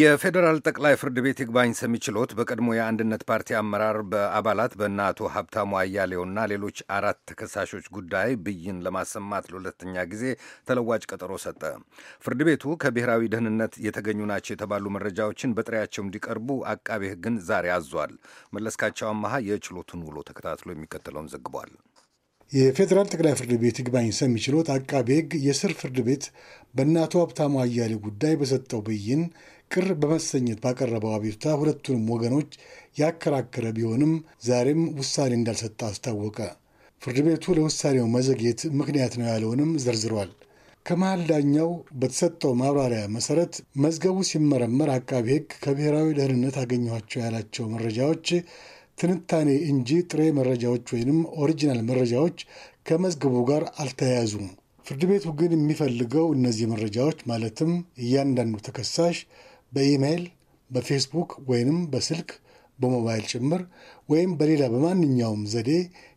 የፌዴራል ጠቅላይ ፍርድ ቤት ይግባኝ ሰሚ ችሎት በቀድሞ የአንድነት ፓርቲ አመራር በአባላት በእነ አቶ ሀብታሙ አያሌውና ሌሎች አራት ተከሳሾች ጉዳይ ብይን ለማሰማት ለሁለተኛ ጊዜ ተለዋጭ ቀጠሮ ሰጠ። ፍርድ ቤቱ ከብሔራዊ ደህንነት የተገኙ ናቸው የተባሉ መረጃዎችን በጥሪያቸው እንዲቀርቡ አቃቤ ሕግን ዛሬ አዟል። መለስካቸው አመሃ የችሎቱን ውሎ ተከታትሎ የሚከተለውን ዘግቧል። የፌዴራል ጠቅላይ ፍርድ ቤት ይግባኝ ሰሚ ችሎት አቃቤ ሕግ የስር ፍርድ ቤት በእነ አቶ ሀብታሙ አያሌው ጉዳይ በሰጠው ብይን ቅር በመሰኘት ባቀረበው አቤቱታ ሁለቱንም ወገኖች ያከራከረ ቢሆንም ዛሬም ውሳኔ እንዳልሰጠ አስታወቀ። ፍርድ ቤቱ ለውሳኔው መዘግየት ምክንያት ነው ያለውንም ዘርዝሯል። ከመሀል ዳኛው በተሰጠው ማብራሪያ መሰረት መዝገቡ ሲመረመር አቃቢ ሕግ ከብሔራዊ ደህንነት አገኘኋቸው ያላቸው መረጃዎች ትንታኔ እንጂ ጥሬ መረጃዎች ወይንም ኦሪጂናል መረጃዎች ከመዝገቡ ጋር አልተያያዙም። ፍርድ ቤቱ ግን የሚፈልገው እነዚህ መረጃዎች ማለትም እያንዳንዱ ተከሳሽ በኢሜይል፣ በፌስቡክ ወይንም በስልክ በሞባይል ጭምር ወይም በሌላ በማንኛውም ዘዴ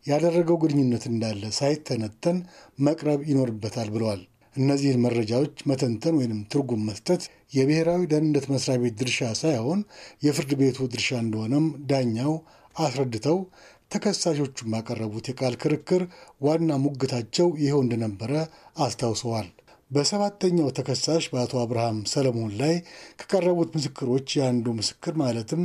ያደረገው ግንኙነት እንዳለ ሳይተነተን መቅረብ ይኖርበታል ብለዋል። እነዚህን መረጃዎች መተንተን ወይንም ትርጉም መስጠት የብሔራዊ ደህንነት መስሪያ ቤት ድርሻ ሳይሆን የፍርድ ቤቱ ድርሻ እንደሆነም ዳኛው አስረድተው ተከሳሾቹም ያቀረቡት የቃል ክርክር ዋና ሙግታቸው ይኸው እንደነበረ አስታውሰዋል። በሰባተኛው ተከሳሽ በአቶ አብርሃም ሰለሞን ላይ ከቀረቡት ምስክሮች የአንዱ ምስክር ማለትም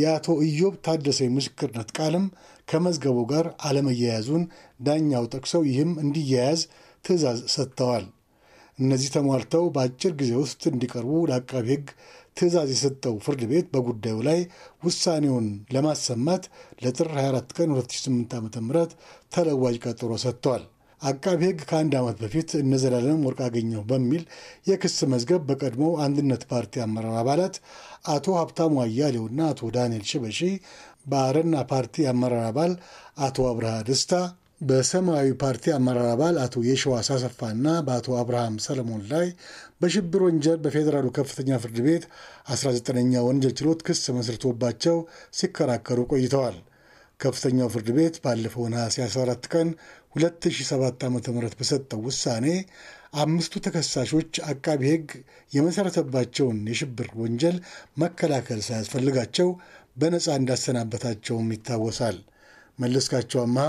የአቶ ኢዮብ ታደሰ ምስክርነት ቃልም ከመዝገቡ ጋር አለመያያዙን ዳኛው ጠቅሰው ይህም እንዲያያዝ ትዕዛዝ ሰጥተዋል። እነዚህ ተሟልተው በአጭር ጊዜ ውስጥ እንዲቀርቡ ለአቃቢ ሕግ ትዕዛዝ የሰጠው ፍርድ ቤት በጉዳዩ ላይ ውሳኔውን ለማሰማት ለጥር 24 ቀን 2008 ዓ ም ተለዋጅ ቀጠሮ ሰጥቷል። አቃቢ ሕግ ከአንድ ዓመት በፊት እነዘላለም ወርቅ አገኘሁ በሚል የክስ መዝገብ በቀድሞ አንድነት ፓርቲ አመራር አባላት አቶ ሀብታሙ አያሌውና አቶ ዳንኤል ሽበሺ፣ በአረና ፓርቲ አመራር አባል አቶ አብርሃ ደስታ በሰማያዊ ፓርቲ አመራር አባል አቶ የሸዋስ አሰፋና በአቶ አብርሃም ሰለሞን ላይ በሽብር ወንጀል በፌዴራሉ ከፍተኛ ፍርድ ቤት 19ኛ ወንጀል ችሎት ክስ መስርቶባቸው ሲከራከሩ ቆይተዋል። ከፍተኛው ፍርድ ቤት ባለፈው ነሐሴ 14 ቀን 2007 ዓ ም በሰጠው ውሳኔ አምስቱ ተከሳሾች አቃቢ ሕግ የመሠረተባቸውን የሽብር ወንጀል መከላከል ሳያስፈልጋቸው በነፃ እንዳሰናበታቸውም ይታወሳል። መለስካቸው አመሃ